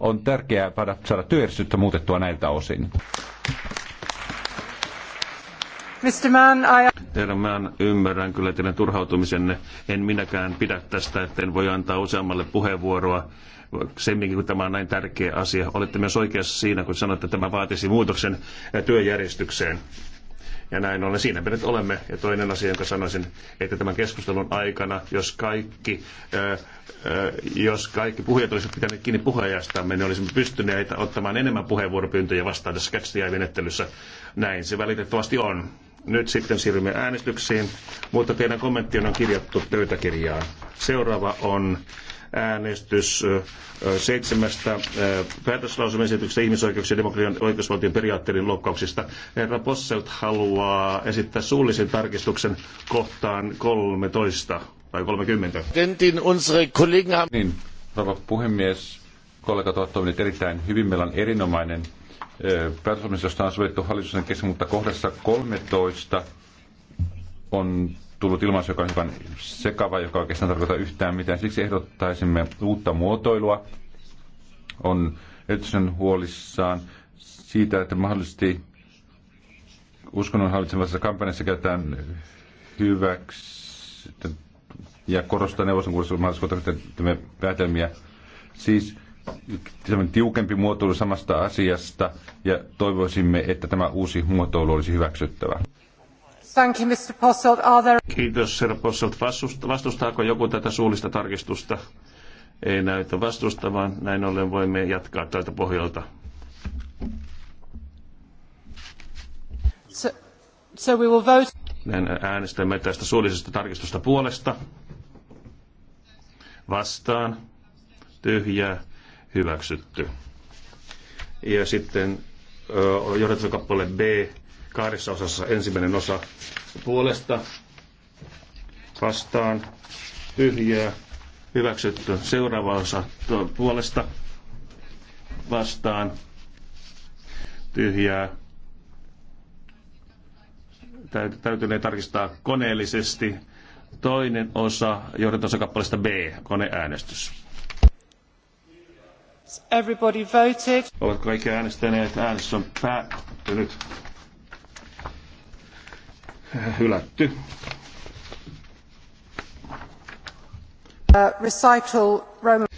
on tärkeää saada työjärjestystä muutettua näiltä osin. Mr. Mann, I... Herra Mann, ymmärrän kyllä teidän turhautumisenne. En minäkään pidä tästä, että en voi antaa useammalle puheenvuoroa semminkin, kun tämä on näin tärkeä asia. Olette myös oikeassa siinä, kun sanoitte, että tämä vaatisi muutoksen työjärjestykseen. Ja näin ollen siinä me nyt olemme. Ja toinen asia, jonka sanoisin, että tämän keskustelun aikana, jos kaikki, ää, jos kaikki puhujat olisivat pitäneet kiinni puheenjohtajastamme, niin olisimme pystyneet ottamaan enemmän puheenvuoropyyntöjä vastaan tässä catch menettelyssä Näin se valitettavasti on. Nyt sitten siirrymme äänestyksiin, mutta teidän kommenttien on kirjattu pöytäkirjaan. Seuraava on äänestys seitsemästä päätöslausumaesityksestä ihmisoikeuksien ja oikeusvaltion periaatteiden loukkauksista. Herra Posselt haluaa esittää suullisen tarkistuksen kohtaan 13 tai 30. Niin, rouva puhemies, kollegat ovat toimineet erittäin hyvin. Meillä on erinomainen päätöslausumis, josta on sovittu hallituksen kesken, mutta kohdassa 13 on tullut ilmaisu, joka on hiukan sekava, joka oikeastaan tarkoittaa yhtään mitään. Siksi ehdottaisimme uutta muotoilua. On erityisen huolissaan siitä, että mahdollisesti uskonnon hallitsevassa kampanjassa käytetään hyväksi ja korostaa neuvoston kuulossa mahdollisuutta päätelmiä. Siis tiukempi muotoilu samasta asiasta ja toivoisimme, että tämä uusi muotoilu olisi hyväksyttävä. Thank you, Mr. Posselt. Are there... Kiitos, herra Posselt. Vastustaako joku tätä suullista tarkistusta? Ei näytä vastustavan. Näin ollen voimme jatkaa tältä pohjalta. So, so we will vote. Näin äänestämme tästä suullisesta tarkistusta puolesta. Vastaan. Tyhjää. Hyväksytty. Ja sitten johdatuskappale B kahdessa osassa. Ensimmäinen osa puolesta vastaan tyhjää hyväksytty. Seuraava osa puolesta vastaan tyhjää Täytyy tarkistaa koneellisesti. Toinen osa johdantosakappaleesta B, koneäänestys. Everybody voted. Oletko kaikki äänestäneet? Äänestys on päättynyt hylätty. Uh, recital Roman...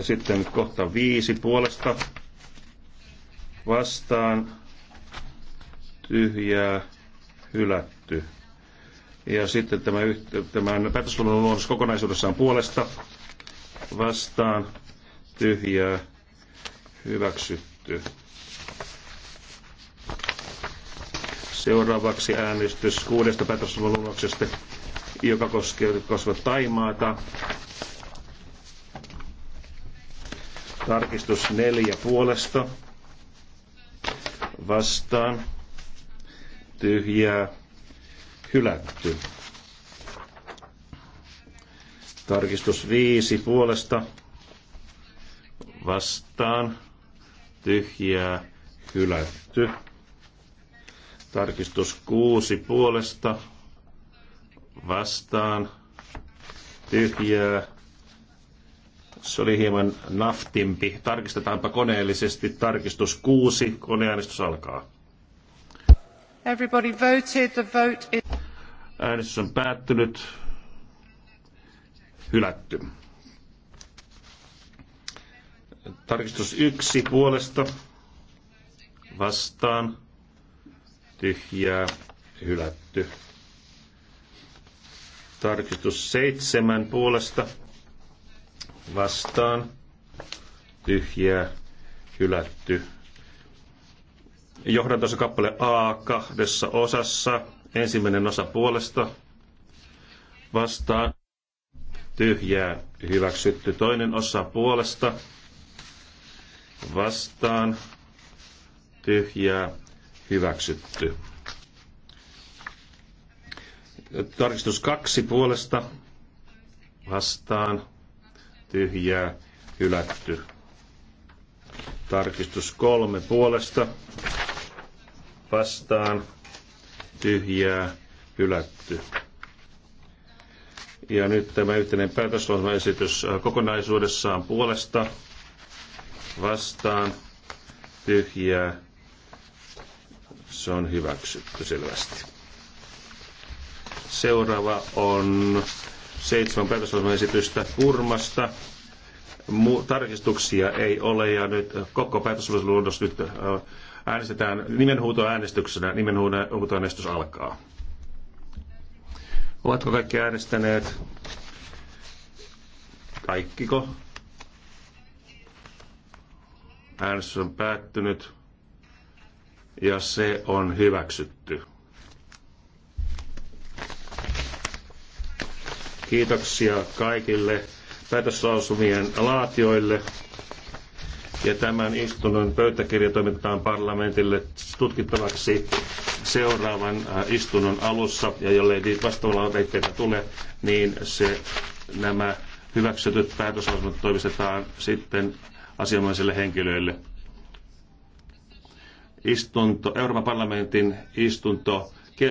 sitten kohta viisi puolesta vastaan tyhjää hylätty. Ja sitten tämä, tämän päätösluvun luonnos kokonaisuudessaan puolesta vastaan tyhjää hyväksytty. Seuraavaksi äänestys kuudesta päätösvalvonnuksesta, joka koskee, koskevat Taimaata. Tarkistus neljä puolesta. Vastaan. Tyhjää. Hylätty. Tarkistus viisi puolesta. Vastaan. Tyhjää. Hylätty. Tarkistus kuusi puolesta vastaan tyhjää. Se oli hieman naftimpi. Tarkistetaanpa koneellisesti. Tarkistus kuusi. Koneäänestys alkaa. Everybody voted. The vote is... Äänestys on päättynyt. Hylätty. Tarkistus yksi puolesta vastaan tyhjää hylätty. Tarkistus seitsemän puolesta vastaan tyhjää hylätty. tuossa kappale A kahdessa osassa. Ensimmäinen osa puolesta vastaan tyhjää hyväksytty. Toinen osa puolesta vastaan tyhjää hyväksytty. Tarkistus kaksi puolesta vastaan tyhjää hylätty. Tarkistus kolme puolesta vastaan tyhjää hylätty. Ja nyt tämä yhteinen päätöslauselmaesitys kokonaisuudessaan puolesta vastaan tyhjää se on hyväksytty selvästi. Seuraava on seitsemän päätöslausumaesitystä Urmasta Mu- tarkistuksia ei ole ja nyt koko päätöslausumaluonnos nyt äh, äänestetään nimenhuutoäänestyksenä. Nimenhuutoäänestys alkaa. Ovatko kaikki äänestäneet? Kaikkiko? Äänestys on päättynyt ja se on hyväksytty. Kiitoksia kaikille päätöslausumien laatioille. Ja tämän istunnon pöytäkirja toimitetaan parlamentille tutkittavaksi seuraavan istunnon alussa. Ja jollei niitä vastaavalla väitteitä tule, niin se, nämä hyväksytyt päätöslausumat toimistetaan sitten asianomaisille henkilöille istunto, Euroopan parlamentin istunto